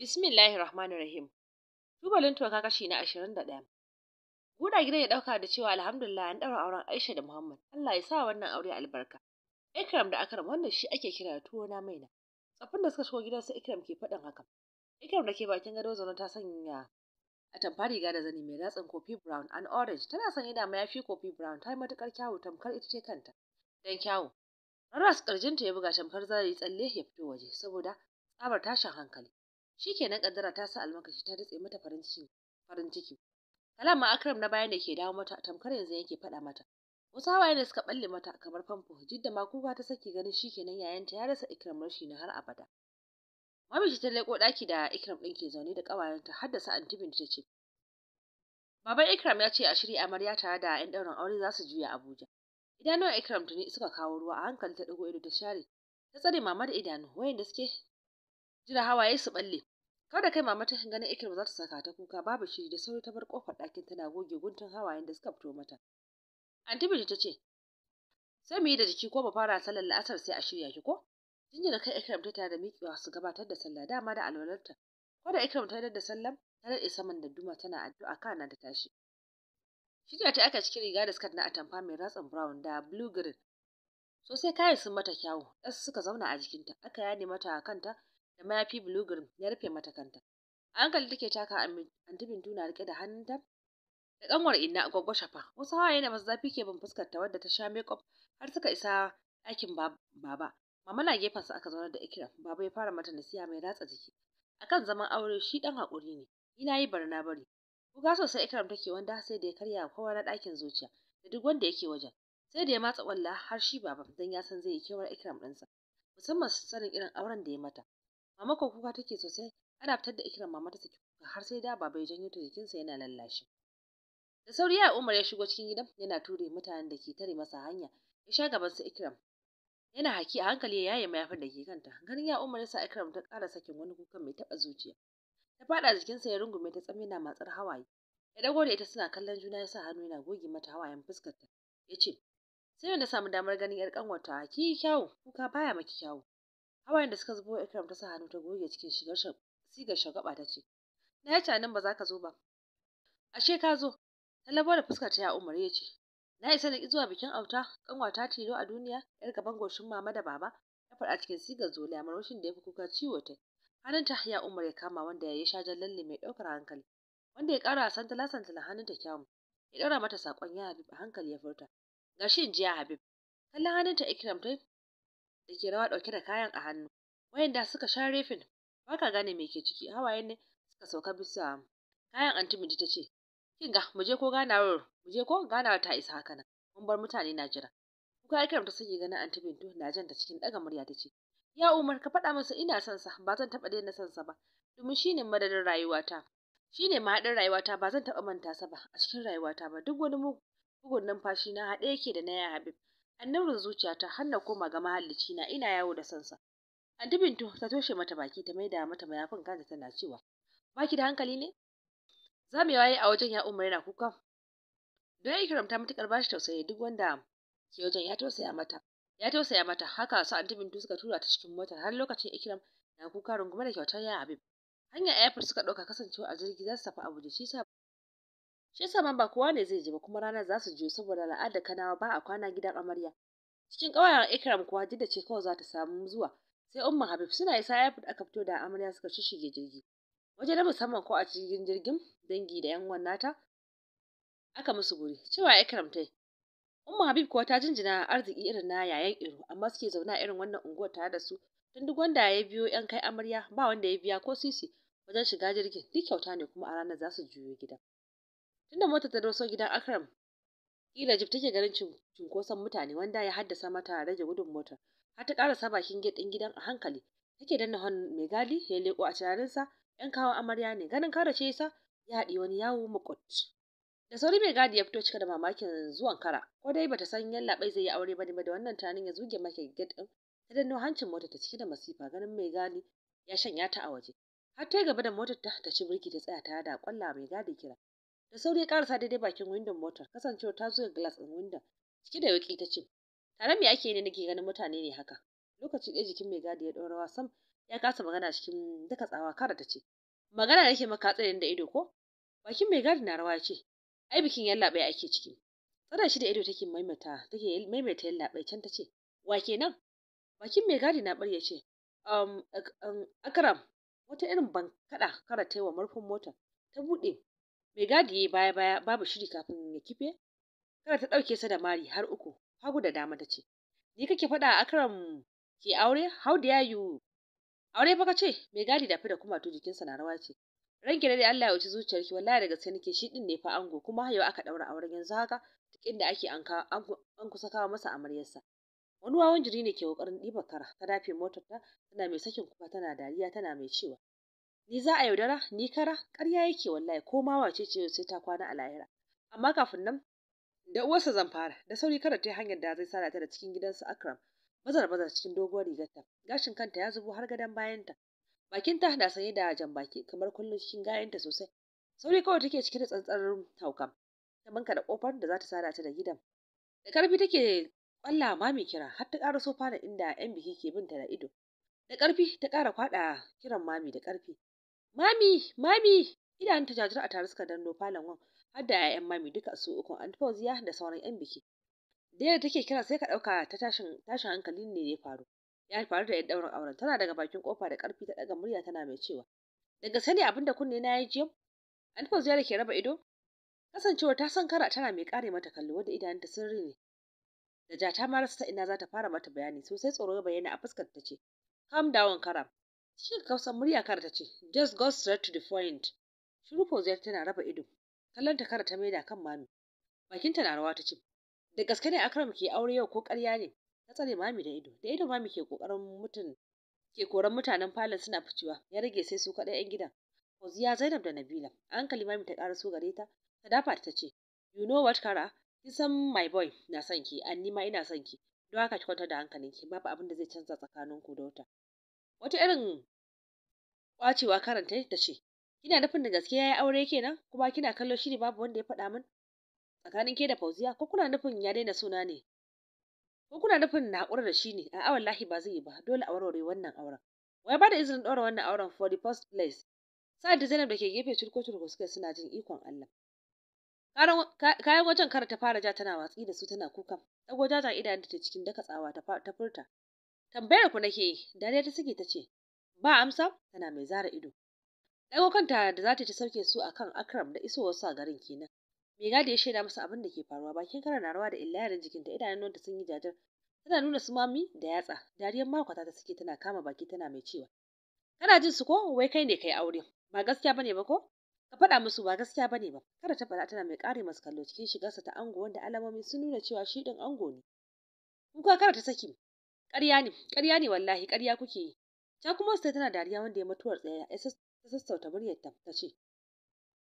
Bismillahir Rahmanir Rahim. Tubalin toka kashi na ashirin da ɗaya. gidan ya ɗauka da cewa alhamdulillah an ɗaura auren Aisha da Muhammad. Allah ya sa wannan aure albarka. Ikram da Akram wannan shi ake kira tuwo na maina. Tsafin da suka shigo gidan su Ikram ke faɗin haka. Ikram da ke bakin gado zaune ta sanya atamfa riga da zani mai ratsin kofi brown and orange tana sanye da mayafi kofi brown ta yi kyawu tamkar ita ce kanta. Dan kyawu. Ras ƙarjinta ya buga tamkar zari tsalle ya fito waje saboda tsabar tashin hankali. Shi kenan kaddara ta sa almakashi ta datse mata farin ciki. Farin ciki. Akram na bayan da ke dawo mata tamkar yanzu yake faɗa mata. Wasu hawaye da suka balle mata kamar famfo jidda ma kuka ta saki ganin shi kenan ta ya rasa ikram rashi na har abada. Mamishi ta leko ɗaki da ikram ɗin ke zaune da ƙawayenta har da sa'an tibin ta ce. Baban ikram ya ce a shirya amarya tare da 'yan ɗaurin aure za su juya Abuja. Idanuwan ikram tuni suka kawo ruwa a hankali ta ɗago ido ta share ta tsare mama da idanu wayanda suke jira hawaye su balle kada kai mama ta ganin Ikirma za ta saka ta kuka babu shiri da sauri ta bar kofar ɗakin tana goge guntun hawayen da suka fito mata. Anti Bidi ta ce, sai mu yi da jiki ko mu fara sallar la'asar sai a shirya ki ko? Jinjina kai Ikram ta tare da miƙewa su gabatar da sallah dama da alwalarta. Ko da Ikram ta da sallam ta daɗe saman da duma tana addu'a kana da tashi. Shirya ta aka cikin riga da skirt na atamfa mai ratsin brown da blue green. Sosai kayan sun mata kyawu, ɗas suka zauna a jikinta, aka yane mata a kanta da mayafi blue ya rufe mata kanta a hankali take taka anti bintu na rike da hannunta da kanwar inna gwaggwa shafa wasu hawaye na masu zafi ke bin fuskar ta wadda ta sha makeup har suka isa ɗakin baba mama na gefen sa aka zauna da ikram baba ya fara mata nasiya mai ratsa jiki akan zaman aure shi dan hakuri ne ina yi barna bari kuka sosai ikram take wanda sai da ya karya kowa na ɗakin zuciya da duk wanda yake wajen sai da ya matsa kwalla har shi baba dan ya san zai yi kewar ikram ɗinsa musamman sanin irin auren da ya mata mama ko kuka take sosai ana fitar da ikirar mamata ta saki kuka har sai da baba ya janyo ta jikinsa yana lallashi da sauri ya umar ya shigo cikin gidan yana ture mutanen da ke tare masa hanya ya sha gaban su ikram yana haki a hankali ya yaye mayafin da ke kanta ganin ya umar ya sa ikram ta ƙara sakin wani kukan mai taɓa zuciya ta faɗa jikinsa ya rungume ta tsamme na matsar hawaye ya dago da ita suna kallon juna ya sa hannu yana goge mata hawayen fuskarta ya ce sai wanda samu damar ganin yar kanwarta ki kyawu kuka baya maki kyawu hawayen da suka zubo ikram ta sa hannu ta goge cikin shigar sigar shagaba ta ce na yi nan ba za ka zo ba ashe ka zo talabo da fuskar ta ya umar ya ce na isa na zuwa bikin auta kanwata tilo a duniya yar gaban goshin mama da baba ta faɗa cikin sigar zoliya marushin da ya fi kuka ciwo ta hannun ta ya umar ya kama wanda ya yi shajen lalle mai ɗaukar hankali wanda ya ƙara san talasan na hannun ta kyawun ya ɗora mata saƙon ya habib a hankali ya furta gashi in ji ya habib kallon hannun ta ikram ta da ke rawa ɗauke da kayan a hannu wayanda suka sha refin ba ka gane me ke ciki hawaye ne suka sauka bisa kayan anti miji ta ce kinga mu je ko ganawar mu je ko ganawar ta isa haka nan mun bar mutane na jira kuka kiran ta suke ganin anti bintu na jan ta cikin daga murya ta ce ya umar ka faɗa masa ina son sa ba zan taɓa daina son sa ba domin shine madadin rayuwata shine mahaɗin rayuwata ba zan taɓa manta sa ba a cikin rayuwata ba duk wani mugun numfashi na haɗe yake da na ya habib annurin zuciya ta hanna koma ga mahallici na ina yawo da sansa anti bintu ta toshe mata baki ta maida mata mayafin kanta tana cewa baki da hankali ne Za mu waye a wajen ya umar yana kuka don ikram ta matukar bashi tausayi duk wanda ke wajen ya tausaya mata ya tausaya mata haka su anti bintu suka tura ta cikin motar har lokacin ikiram na kuka rungume da kyautar ya abin hanyar airport suka ɗauka kasancewa a jirgi za su tafi abuja shi sa shi yasa ma ba kowa ne zai je ba kuma ranar za su je saboda al'adar kanawa ba a kwana gidan amarya cikin ƙawayen ikram kuwa jidda ce kawai za ta samu zuwa sai umma habib suna isa ya aka fito da amarya suka shishige jirgi waje na musamman ko a cikin jirgin dangi da yan uwan nata aka musu guri cewa ikram tai umma habib kuwa ta jinjina arziki irin na yayan iro amma suke zauna irin wannan unguwar tare da su tun duk wanda ya biyo yan kai amarya ba wanda ya biya ko sisi wajen shiga jirgin duk kyauta ne kuma a ranar za su juyo gida tunda motar ta doso gidan akram kila jib take ganin cunkoson mutane wanda ya haddasa mata rage gudun motar har ta karasa bakin gate din gidan a hankali take danna hon mai gadi ya leko a sa yan kawo amarya ne ganin kara ce sa ya haɗi wani yawo makot da sauri mai gadi ya fito cika da mamakin zuwan kara ko dai bata san bai zai yi aure ba ne ba da wannan tunanin ya zuge maka gate din ta danno hancin mota ta cike da masifa ganin mai gadi ya shanya ta a waje har ta gaba da motar ta ta ci birki ta tsaya ta da kwalla mai gadi kira da sauri ya karasa daidai bakin windon motar kasancewa ta zo glass ɗin windon cike da wuki ta ce tare me ake ne nake ganin mutane ne haka Lokacin ɗaya jikin mai gadi ya ɗora sam ya kasa magana cikin duka tsawa kara ta ce magana nake maka tsayin da ido ko bakin mai gadi na rawa ce ai bikin yallaɓai ake ciki tsara shi da ido take maimaita take maimaita yallaɓai can ta ce wa kenan bakin mai gadi na ɓarya ce um, akram wata irin bankaɗa kara ta yi wa murfin motar ta buɗe mai gadi ya baya baya babu shiri kafin ya kife kada ta ɗauke sa da mari har uku hagu da dama ta ce ni kake faɗa a akram ke aure how dare you aure fa ce mai gadi da da kuma to jikinsa na rawa ce ranki da Allah ya wuce zuciyarki wallahi daga sai nake shi din ne fa ango kuma yau aka daura auren yanzu haka duk da ake an an kusa kawo masa amaryarsa wani wawan jiri ne ke kokarin ɗiba kara ta dafe motar ta tana mai sakin kuma tana dariya tana mai cewa ni za a yaudara ni kara ƙarya yake wallahi ko ma wace ce sai ta kwana a lahira amma kafin nan da uwarsa zan fara da sauri kada ta hanyar da zai sada da cikin gidansa akram bazar bazar cikin doguwar rigarta gashin kanta ya zubo har gadon bayanta bakinta na sanye da jan baki kamar kullum cikin gayanta sosai sauri kawai take cike da tsantsar hauka ta banka da kofar da za ta sada da gidan da karfi take kwalla mami kira har ta ƙara sofa da inda yan biki ke bin ta da ido da ƙarfi ta ƙara kwaɗa kiran mami da ƙarfi Mami, mami, ta jajir a tare suka danno falon wan har da 'ya'yan mami duka su uku an Fauziya da sauran 'yan biki. Da yadda take kira sai ka dauka ta tashin tashin hankali ne ya faru. Ya faru da ɗaurin auren tana daga bakin kofa da karfi ta ɗaga murya tana mai cewa daga sani abin da kunne na yi jiyo. Aunt Fauziya da ke raba ido kasancewar ta san kara tana mai kare mata kallo wanda ta sirri ne. Da ja ta marasa ta ina za ta fara mata bayani sosai tsoro ya bayyana a fuskar ta ce calm down karam Cikin kausar murya kar ta ce, Just go straight to the point. Shiru zai tana raba ido. Kallon ta kara ta maida kan mami. Bakinta na rawa ta ce, Da gaske ne Akram ke aure yau ko karya ne? Ta tsare mami da ido. Da ido mami ke kokarin mutun ke koran mutanen falon suna ficewa. Ya rage sai su kaɗai 'yan gidan. Fauziya Zainab da Nabila. A hankali mami ta ƙara su gare ta. Ta dafa ta ce, You know what, Kara? Kin san my boy na son ki, an nima ina son ki. Don haka ki kwantar da hankalinki, babu abin da zai canza tsakaninku da wata. wata irin kwacewa karanta ta ce kina nufin da gaske ya yi aure kenan kuma kina kallo shi ne babu wanda ya faɗa min tsakanin ke da Fauziya ko kuna nufin ya daina suna ne ko kuna nufin na haƙura da shi ne a'a wallahi ba zai yi ba dole a warware wannan auren wai ba da izinin ɗora wannan auren for the first place sa'ad da Zainab da ke gefe turko turko suka suna jin ikon Allah kayan wajen kara ta fara ja tana watsi da su tana kuka dago jajan da ta cikin daka tsawa ta furta tambayar ku nake yi dariya ta saki ta ce ba amsa tana mai zara ido ɗago kanta da za ta ta sauke su akan akram da isowar su a garin kenan mai gadi ya shaida masa abin da ke faruwa bakin kara na rawa da illayarin jikinta idanunta sun yi jajar tana nuna su mami da yatsa dariyar makwata ta suke tana kama baki tana mai cewa kana jin su ko wai kai ne kai aure ba gaskiya bane ba ko ka faɗa musu ba gaskiya bane ba kada ta faɗa tana mai ƙare masu kallo cikin shigarsa ta ango wanda alamomi sun nuna cewa shi ɗin ango ne kuka kada ta saki ƙarya ne ƙarya ne wallahi ƙarya kuke yi ta kuma sai tana dariya wanda ya mutuwar tsaya ya sassauta muryar ta ce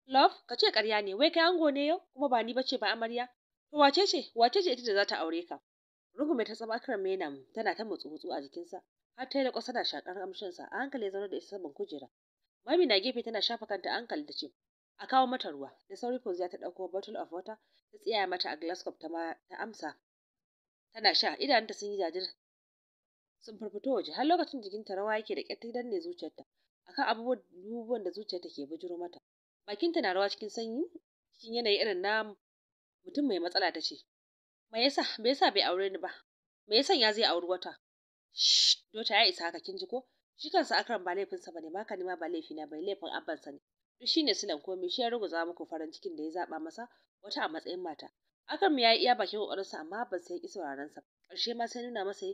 love ka ce ƙarya ne wai kai ango ne yau kuma ba ni bace ba amarya to wace ce wace ce ita da za ta aure ka rungume ta tsaba kan menam tana ta mutsu mutsu a jikinsa har ta yi da kwasa na shakar amshinsa a hankali ya zauna da isa saman kujera mami na gefe tana shafa kanta a hankali ta ce a kawo mata ruwa da sauri Fauziya ta ɗauko bottle of water ta tsiyaya mata a glass cup ta amsa tana sha idanunta sun yi jajir sun farfito waje har lokacin jikinta rawa yake da ƙyar ne zuciyarta akan abubuwan da zuciyarta ke bujuro mata bakinta na rawa cikin sanyi cikin yanayi irin na mutum mai matsala ta ce me yasa me yasa bai aure ni ba me yasa ya zai auri wata dota ya isa haka kin ji ko shi kansa ba laifinsa bane ba ka nima ba na, bai laifin abbansa ne duk shine silan komai shi ya ruguza muku farin cikin da ya zaba masa wata a matsayin mata Akan ya yi iya bakin kokarinsa amma ban sai ki sauraron sa. Karshe ma sai nuna masa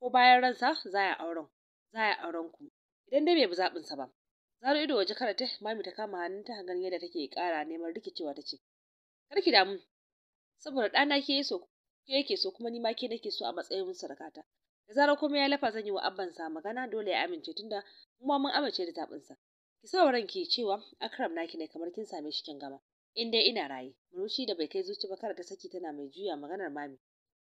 ko bayan ransa za ya auren za ya auren ku idan dai bai bi zaɓin sa ba zaro ido waje ta mami ta kama hannunta hangen yadda take kara neman rikicewa ta ce kar ki damu saboda ɗana ke so ke yake so kuma ni ma ke nake so a matsayin sarakata da zarar komai ya lafa zan yi wa abban sa magana dole ya amince tunda mu mun amince da zaɓin sa ki sa wa ranki cewa akram naki ne kamar kin same shi kin gama in dai ina raye murushi da bai kai zuci ba kar ta saki tana mai juya maganar mami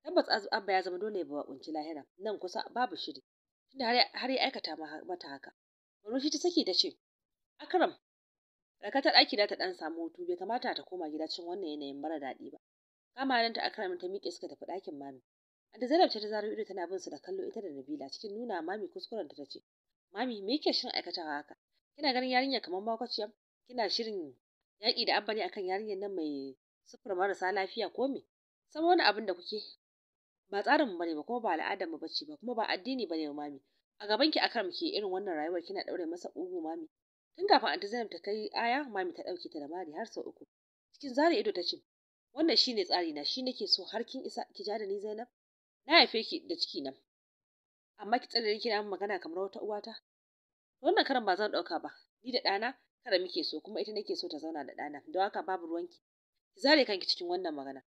tabbas abba ya zama dole ba kunci lahira nan kusa babu shiri tunda har ya aikata mata haka Marushi ta saki ta ce akram daga ta daki da ta ɗan samu hutu bai kamata ta koma gida cikin wannan yanayin mara daɗi ba kama nan ta akram ta miƙe suka tafi ɗakin mami da zainab ta zaro ido tana bin su da kallo ita da nabila cikin nuna mami kuskuren ta ce mami me yake shirin aikatawa haka kina ganin yarinya kamar makwaciyar kina shirin yaƙi da abba ne akan yarinyar nan mai sufur marasa lafiya ko me san wani abin da kuke ba tsarin mu bane ba kuma ba al'adar mu bace ba kuma ba addini bane mami a gaban ki akan ke irin wannan rayuwar kina daure masa ugu mami tun kafin anti Zainab ta kai aya mami ta dauke ta da mari har sau uku cikin zari ido ta ce wannan shine tsari na shi nake so har kin isa ki ja da ni Zainab na haife ki da ciki na amma ki tsare kina min magana kamar wata uwata wannan karan ba zan dauka ba ni da ɗana kada muke so kuma ita nake so ta zauna da ɗana don haka babu ruwanki ki zare kanki cikin wannan magana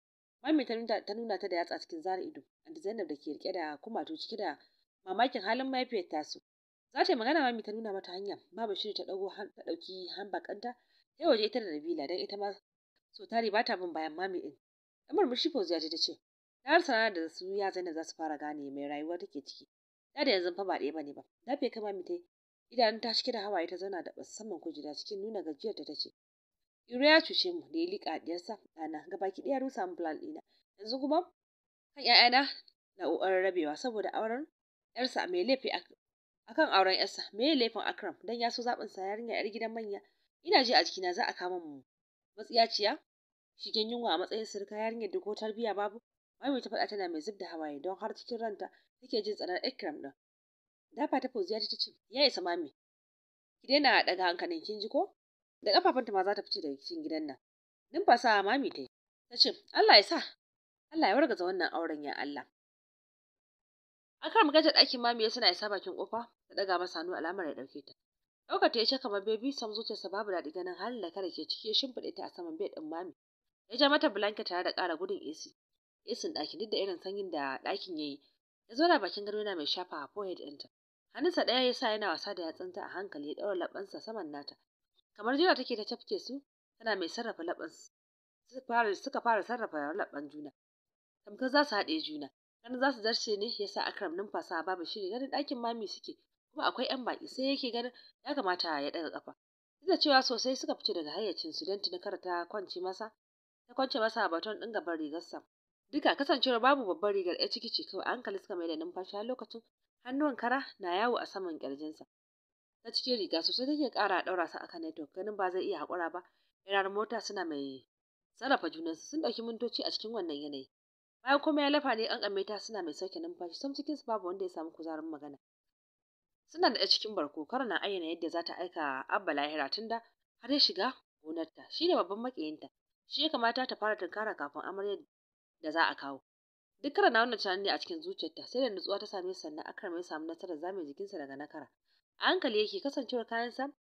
Mami ta nuna ta da yatsa cikin zara ido, da Zainab da ke rike da kumatu cike da mamakin halin mafiyar tasu. Za ta yi magana mami ta nuna mata hanya, ma Bashir ta ɗago ta ɗauki hambakanta ta waje ita da Nabila don ita ma so tare ba ta bin bayan mami damar Ɗan murmushi ce ta ce, ta rasa da su ya Zainab za su fara gane mai rayuwa take ciki. Da da yanzu fa ba ɗaya bane ba. Lafiya kama mami ta idanun ta cike da hawaye ta zauna da saman kujera cikin nuna gajiyar ta ce. Iro ya cushe mu da ya liƙa ɗiyarsa ɗana baki ɗaya rusa mu plan ɗina. Yanzu kuma kan ‘ya'yana na ƙoƙarin rabewa saboda auren ‘yarsa mai laifi akan auren ‘yarsa me laifin Akram dan ya so zaɓin sa yarinya ‘yar gidan manya. Ina ji a jikina za a kama mu matsiyaciya shigen yunwa a matsayin sirka yarinyar da ko tarbiyya babu. Mami ta faɗa tana mai zub da hawaye don har cikin ranta take jin tsanar Ikram ɗin. Dafa ta Fauziya ta ce, "Ya isa mami, ki daina ɗaga hankalin kin ji ko?" da kafafunta ma za ta fice daga cikin gidan nan numfasa mami ta ta ce Allah ya sa Allah ya wargaza wannan auren ya Allah A kar magana ɗakin mami suna isa bakin kofa ta ɗaga masa hannu alamar ya dauke ta ɗaukar ta ya ce kamar bebi sam zuciyarsa babu daɗi ganin halin da kada ke ciki ya shimfiɗe ta a saman bed ɗin mami ya ja mata blanket tare da ƙara gudun AC esin ɗakin duk da irin sanyin da ɗakin ya yi ya zo da bakin gado yana mai shafa a forehead ɗinta hannunsa ɗaya ya sa yana wasa da yatsunta a hankali ya ɗaura laɓansa saman nata kamar jira take ta cafke su tana mai sarrafa laban suka fara sarrafa laban juna tamkar za su haɗe juna ganin za su zarce ne yasa akram numfasa babu shiri ganin ɗakin mami suke kuma akwai yan baki sai yake ganin ya kamata ya ɗaga kafa duk da cewa sosai suka fice daga hayyacin su don kar ta kwance masa ta kwance masa baton ɗin gaban rigarsa duka kasancewar babu babbar rigar ya ciki ce kawai hankali suka mai da numfashi a lokacin hannuwan kara na yawo a saman ƙirjinsa na cikin riga sosai take kara ɗaura su akan network ganin ba zai iya hakura ba yarar mota suna mai sarrafa junansu sun dauki mintoci a cikin wannan yanayi bayan kuma ya lafa ne ƙanƙame ta suna mai sauke numfashi sam cikin su babu wanda ya samu kuzarin magana suna da cikin barko kar na ayyana yadda za ta aika abba lahira tunda har ya shiga gonarta shi ne babban makiyinta shi ya kamata ta fara tunkara kafin amarya da za a kawo duk kara na wannan tunani a cikin zuciyarta sai da nutsuwa ta same sannan akar samu nasarar zame jikinsa daga nakara a hankali yake kasancewar kayansa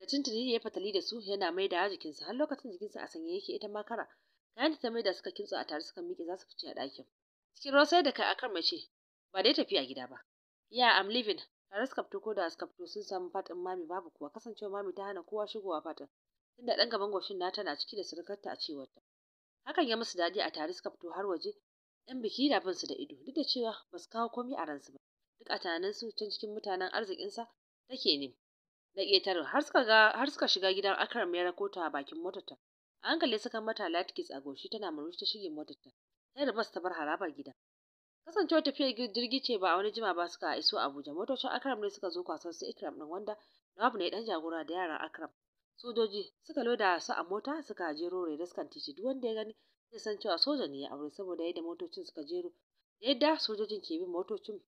da tuntuni ya fatali da su yana mai da jikinsa har lokacin jikinsa a sanye yake ita makara? kara kayan ta mai da suka kintsa a tare suka miƙe za su fice a ɗakin cikin ruwa sai da kai a kan mace ba dai tafiya gida ba ya am living tare suka fito ko da suka fito sun samu fatin mami babu kuwa kasancewar mami ta hana kowa shigowa fatin tunda ɗan gaban goshin na na ciki da surukarta a cewar ta hakan ya musu daɗi a tare suka fito har waje yan biki da bin su da ido duk da cewa ba su kawo komai a ransu ba duk a su can cikin mutanen arzikinsa take ne na ƙetare har suka shiga gidan akram ya rako ta a bakin motarta a hankali suka mata latkis a goshi tana murmushi ta shige motarta sai da bas ta bar harabar gida. kasancewar tafiyar jirgi ce ba a wani jima ba suka iso abuja motocin akram ne suka zo kwasar su ikram din wanda nawab ne dan jagora da yaran akram sojoji suka loda su a mota suka jero suka titi duk wanda ya gani zai san cewa soja ne ya aure saboda yadda motocin suka jero yadda sojojin ke bin motocin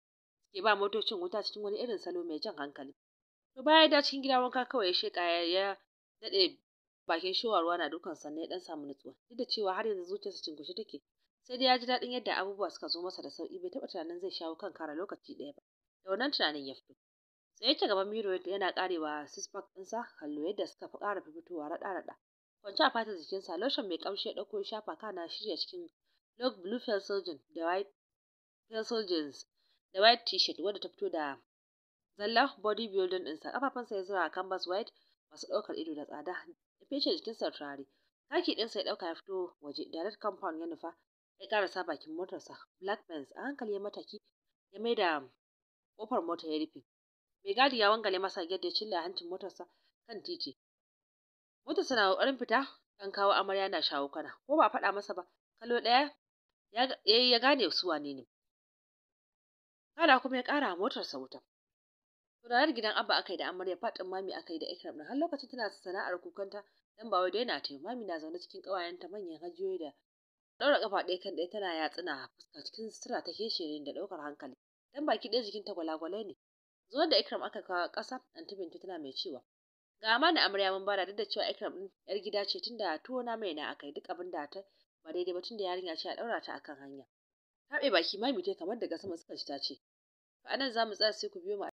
ke ba motocin wuta cikin wani irin salo mai jan hankali to baya da cikin gida wanka kawai ya sheka ya dade bakin showar ruwa na dukan sannan ya dan samu nutsuwa duk da cewa har yanzu zuciyarsa cinkushe take sai dai ya ji daɗin yadda abubuwa suka zo masa da sauki bai taba tunanin zai shawo kan kara lokaci ɗaya ba da wannan tunanin ya fito sai yake gaban miro yana karewa sispak ɗinsa kallo yadda suka fi ƙara fitowa raɗa-raɗa kwance a fatar jikinsa lotion mai ƙamshi ya ɗauko ya shafa kana shirya cikin log blue pencil da white pencil jeans da white t-shirt wadda ta fito da zalla body building ɗinsa kafafunsa ya zura a canvas white masu ɗaukar ido da tsada da fece jikinsa turare kaki ɗinsa ya ɗauka ya fito waje direct compound ya nufa ya karasa bakin motarsa black benz a hankali ya mataki ya maida kofar mota ya rufe mai gadi ya wangale masa yadda ya cilla hancin motarsa kan titi motarsa na ƙoƙarin fita kan kawo amarya na shawo kana ko ba faɗa masa ba Kalo ɗaya ya ya gane su wane ne Kada kuma ya ƙara motarsa wuta to gidan abba aka yi da amarya faɗin mami aka yi da ikram din har lokacin tana sana'ar kukanta dan ba wai daina ta mami na zaune cikin ƙawayenta manyan hajiyoyi da ɗaura kafa ɗaya kan ɗaya tana yatsuna fuska cikin sutura ta keshe da ɗaukar hankali dan baki ɗaya jikinta gwalagwalai ne zuwa da ikram aka kawo ƙasa anti bintu tana mai cewa ga amana amarya mun bara duk da cewa ikram din yar gida ce tunda tuwo na mai na akai duk abin da ta ba daidai ba tunda yarinya ce a ɗaura ta akan hanya taɓe baki mami tai kamar daga sama suka ji ta ce a nan za mu tsaya sai ku biyo mu.